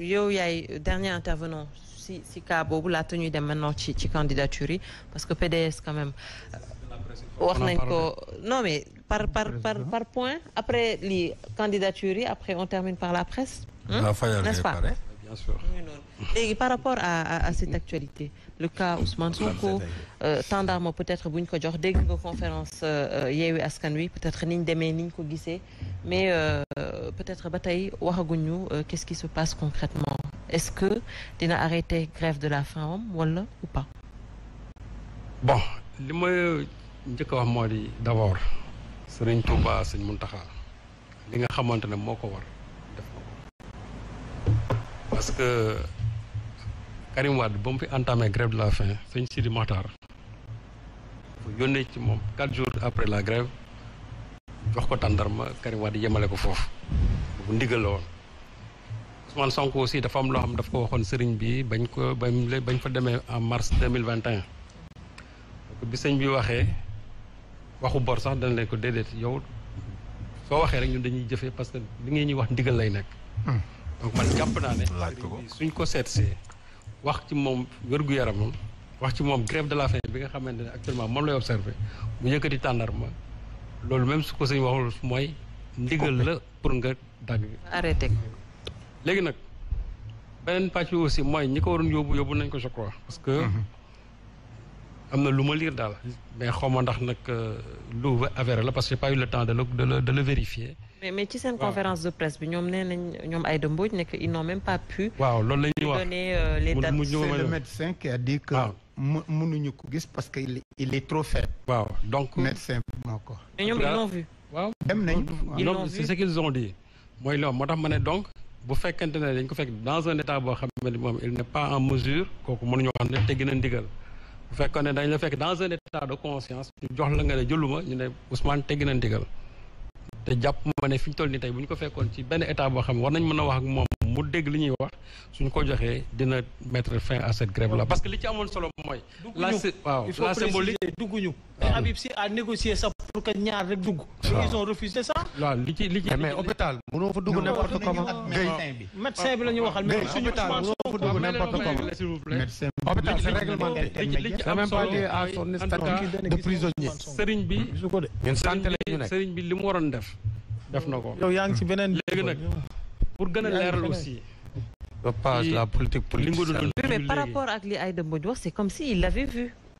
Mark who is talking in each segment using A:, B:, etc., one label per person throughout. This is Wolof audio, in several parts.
A: Yo un dernier intervenant si si cas tenue la tenue de maintenant candidature parce que PDS quand même. Euh, non mais par par par point après les candidature après on termine par la presse. Hein, n'est-ce pas bien sûr par rapport à, à cette actualité le cas Ousmane Sonko euh, d'armes peut-être bu ñu ko jox dégg nga conférence euh, euh, Yewwi Askan Wi peut-être niñ demee niñ ko gisee mais peut-être bataille tey waxaguñu qu'est-ce qui se passe concrètement est-ce que dina arrêter grève de la femme ou pas. bon li ma njëkk a wax moo di d'abord Serigne Touba Serigne Mountakha li nga xamante ne moo ko parce que Karim Wade ba mu fi entamé grève de la faim sëñ Sidi Makhtar dafa yónnee ci moom quatre jours après la grève jox ko tàndarma Karim Wade yemale ko foofu bu ndigal la woon Ousmane Sonko aussi dafa am loo xam daf ko waxoon sëriñ bi bañ ko bañ ko demee en mars mille vingt et bi sëñ bi waxee waxu bor sax dana leen ko déedéet yow soo waxee rek ñun dañuy jëfee parce que li ngeen ñuy wax ndigal lay nekk. Hmm. donc man jàpp naa ne. laaj ko ko suñ ko seetsee wax ci moom wérgu yaramam wax ci moom grève de la faim bi nga xamante ne actuellement moom lay observé mu yëkkati tàndarma loolu même su ko sëñ waxul mooy. ndigal la pour nga dagg. arrêté. léegi nag beneen pàcc bi aussi mooy ñi ko waroon yóbbu yóbbu nañ ko je crois parce que. Mhm. am na lu ma liir daal mais xaw ma ndax nag euh, lu avéré la parce que j'ai pas eu le temps de le de le de vérifier. mais mais ci seen conférence de presse bi ñom nee ñom ay de Mbodj nek ils n'ont même pas pu. waaw loolu lañu wax donner euh, les dates. c'est le médecin qui a dit que. mu mënuñu ko gis parce que il il est trop faible. waaw donc médecin moo ko. mais ñoom ils l'ont vu. waaw dem nañ. ils l'ont c'est ce qu'ils ont dit moy loolu motax mané donc. bu fekkente ne dañ ko fekk dans un état boo xam ne moom il n'est pas en mesure kooku mënuñu wax ne te gën ndigal bu fekkoon ne dañ la fekk dans un état de conscience ñu jox la nga ne jëluma ñu ne Ousmane te gën ndigal te jàpp ma ne fi ñu toll nii tey bu ñu ko fekkoon ci benn état boo xam war nañ mën a wax ak moom mu dégg li ñuy wax suñ ko joxee dina mettre fin à cette grève parce que li ci amoon solo mooy. la waaw la symbolique dugguñu. Habib Sy a négocié sa pour que ñaar c'est par rapport c'est comme s'il l'avait vu.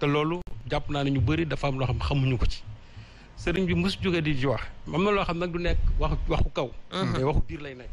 A: te loolu jàpp naa ne ñu bëri dafa am loo xam xamuñu ko ci sëriñ bi mos jógee di ci wax am na loo xam nag du nekk wax waxu kaw mais waxu biir lay nekk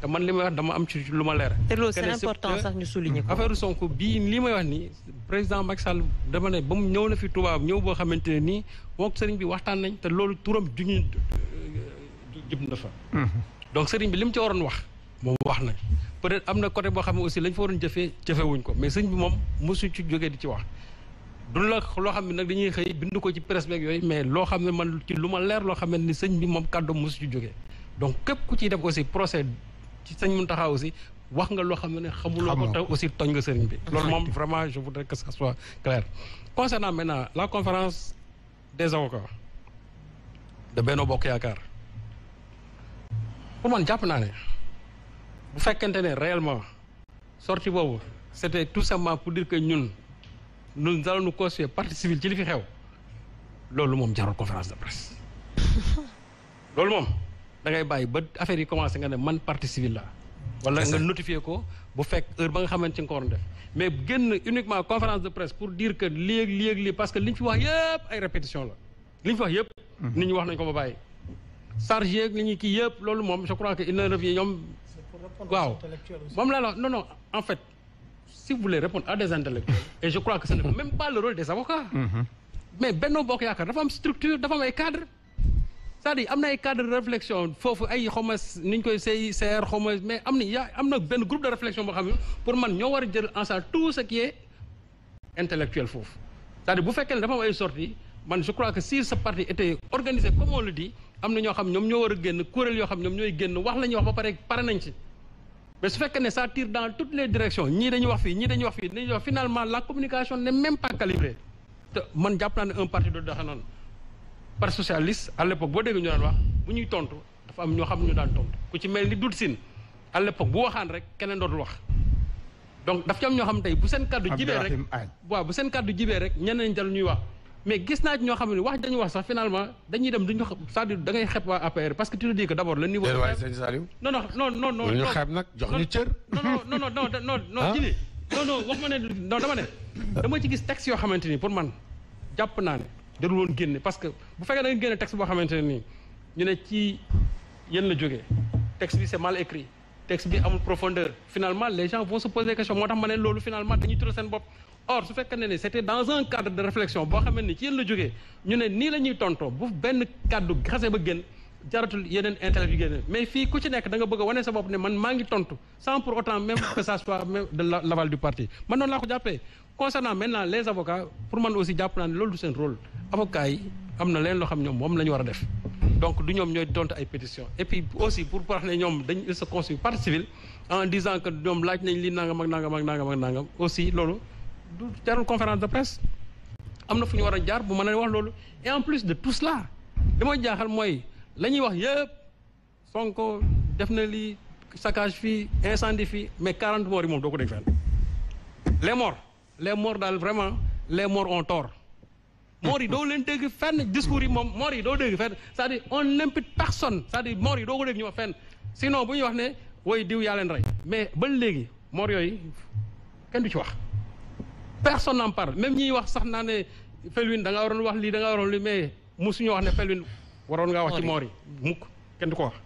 A: te man li may wax dama am ci lu ma leer te loolu c'est important sax ñu souligner ko affaire bii li may wax ni président Macky Sall dama ne ba mu ñëw na fi Touba ñëw boo xamante ne nii moom sëriñ bi waxtaan nañ te loolu turam juñu jëm na fa donc sëriñ bi li mu ci waroon wax moom wax na peut-être am na côté boo xam ne aussi lañ fa waroon jëfee jëfewuñ ko mais sëriñ bi moom mosu ci jógee di ci wax du la loo xam ne nag dañuy xëy bind ko ci presse beeg yooyu mais loo xam ne man ci lu ma leer loo xam ne ni sëñ bi moom kàddu mosu ci jógee donc képp ku ciy def aussi procès ci sëñ Mountakha aussi wax nga loo xam ne xamuloo ko taw aussi toñ nga sëriñ bi loolu moom vraiment je voudrais que ça soit clair concernant maintenant la conférence des avocats de Benno Bokk Yaakaar pour man jàpp naa ne bu fekkente ne réellement sortie boobu c'était tout simplement pour dire que ñun nous allons nous constituer partie civile ci li loolu moom jarul conférence de presse loolu moom da ngay bàyyi ba affaire yi commencé nga ne man partie civile la wala nga notifié ko bu fekk heure ba nga xamante ci nga ko waroon def mais génn uniquement conférence de presse pour dire que lii ak lii ak lii parce que li ñu fi wax yëpp ay répétition la li ñu fi wax yëpp mhm. nit ñi wax nañ ko ba bàyyi chargé ak li ñuy kii yëpp loolu moom je crois que il ne revient ñoom waaw moom laa la non en fait si vous voulez répondre à des intellectuels, et je crois que ce n'est même pas le rôle des avocats. Mhm. mais Benno Bokk y dafa am structure dafa am ay cadre c'est-à-dire am na un cadre de réflexion foofu ay xawma ni koy say seer xawma mais amni na yaa groupe de réflexion xam pour man nous war dire jël en tout ce qui est intellectuel foofu c'est-à-dire bu fekkee ne dafa am ay sorties je crois que si ce parti était organisé comme on le dit am nous xam ñoom ñoo war a génn kuréel yoo xam ñoom ñooy génn wax la wax ba pare pare nañ mais ce fait ne ça tire dans toutes les directions ñii dañuy wax fii ñii dañuy wax fii finalement la communication n'est même pas calibrée te man jàpp naa ne un parti de doxe par parti socialiste à l'époque boo dégg ñu daan wax bu ñuy tontu dafa am ñoo xam ñu daan tontu ku ci mel ni à l'époque bu waxaan rek keneen dootul wax donc daf ci am ñoo xam tey bu seen kaddu jibee rek waaw bu seen kaddu jibee rek ñeneen ñi dal ñuy wax mais gis naa ci ñoo xam ne wax dañuy wax sax finalement dañuy dem duñu xam ça da ngay xeb waa APR parce que tu le dis que d' abord le niveau. Eh, Dédouane Seydou Saliou. non non non non. duñu xeb nag jox ñu cër. non non non non non non ah? non non wax ma ne non dama ne. dama ci gis texte yoo xamante ni pour man jàpp naa ne jarul woon génne parce que bu fekkee da nga génne texte boo xamante ni ñu ne ci yéen la jógee texte bi c' est mal écrit. texte bi amul profondeur finalement les gens vont se poser question moo tax ma ne finalement dañuy tuddee sen bop or su fekkee ne c'était dans un cadre de réflexion bo xamante ni ci yéen la jógee ñu ne nii la ñuy bu benn kàddu grase ba génn jaratul yeneen interview génn mais fi ku ci nek da nga bëgg a sa bop ne man maa ngi tontu sans pour autant même que ça soit même de l'aval du parti man non la ko jappé concernant maintenant les avocats pour man aussi japp na lolu loolu du rôle avocats yi amna na leen loo xam ñom moom lañu wara def donc du ñom ñoy donte ay pétition et puis aussi pour wax ñom ñoom dañ se construit partie civile en disant que ñom laaj nañ li nangam ak nangam ak nangam ak nangam aussi lolu du jarul conférence de presse amna fu ñu wara jaar bu mën wax lolu et en plus de tout cela le ma jaaxal moy la wax yëpp Sonko def na li saccage fi incendie fi mais 40 morts yi moom doo ko dégg fenn les morts les morts daal vraiment les morts ont tort moor yi doo leen dégg fenn discours yi moom moor yi doo dégg fenn c'est-à-dire on n'impute personne moor yi doo ko dégg ñu wax fenn sinon bu ñuy wax ne woy diw yaa leen rey mais ba léegi moor yooyu kenn du ci wax personne n'en parle même ñiy wax sax naa ne Felwine danga nga waroon wax lii da nga waroon lii mais musuñu wax ne Felwine waroon ngaa wax ci moor yi mukk kenn du ko wax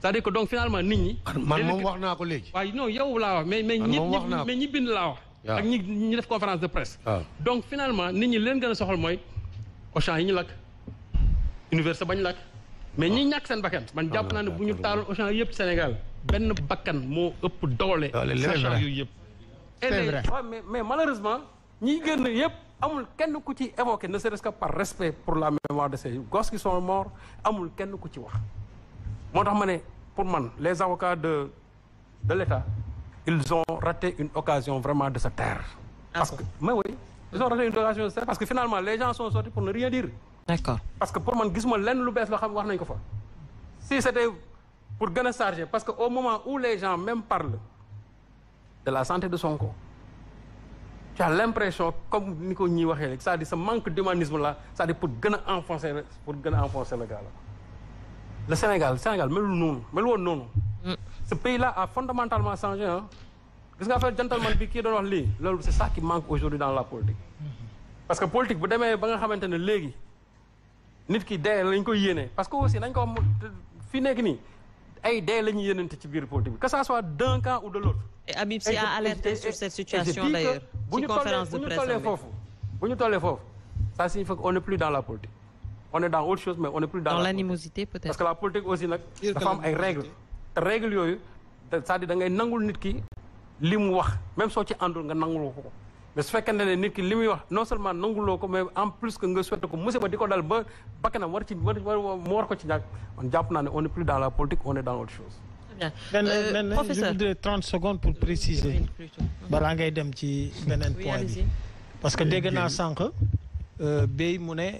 A: c'est-à-dire que donc finalement nit ñi man moom wax naa ko léegi waaye non yow laa wax mais mais ñi mais ñi bind laa wax ak ñi ñi def conférence de presse. Ah. donc finalement ñi leen soxal yi ñu université mais ñi ah. ñàkk seen bakkan man jàpp ah, ne bu Sénégal bakkan ëpp mais malheureusement ñi génn yëpp. amul kenn ku ci évoqué par respect pour la mémoire de ces gosses qui sont morts amul kenn ku ci wax pour man les avocats de de l'État ils ont raté une occasion vraiment de se taire. Ah parce que, mais oui, ils ont raté une occasion de se taire parce que finalement, les gens sont sortis pour ne rien dire. D'accord. Parce que pour moi, Si c'était pour gagner charger, parce qu'au moment où les gens même parlent de la santé de son corps, tu as l'impression, comme Nico Niwakhele, que ça dit, ce manque d'humanisme-là, ça dit pour gagner enfoncer, pour enfoncer le gars-là le Sénégal le Sénégal le non, melu le non. Mm. ce pays là a fondamentalement changé Qu'est-ce hein. qu'il affaire fait bi gentleman qui wax dans lit c'est ça qui manque aujourd'hui dans la politique. Mm-hmm. parce que la politique bu demee ba nga xamante ne nit ki dee lañ koy là. parce que aussi nañ ko wax qui nekk là, ay dee lañ yénenté ci biir politique bi que ça soit d'un camp ou de l'autre. et Abib, a alerté sur cette situation d'ailleurs, ci conférence de presse buñu tollé fofu buñu tollé fofu ça signifie qu'on n'est plus dans la politique on est dans autre chose mais on est plus dans. dans l'animosité peut-être parce que la politique aussi la femme am ay règles te règles yooyu c'est-à-dire da ngay nangul nit ki wax même so ci àndul nga nanguloo ko. mais su fekkente ne nit ki limuy wax non seulement nanguloko, ko mais en plus que nga souhaité ko monsieur ba diko dal ba bakana war ci war mu war ko ci ñàkk on japp na ne on est plus dans la politique on est dans autre chose. bien ben, ben, euh, ben, professeur 30 secondes pour préciser. balaa ngay dem ci benen point bi. parce que dégg sank euh bey mu ne.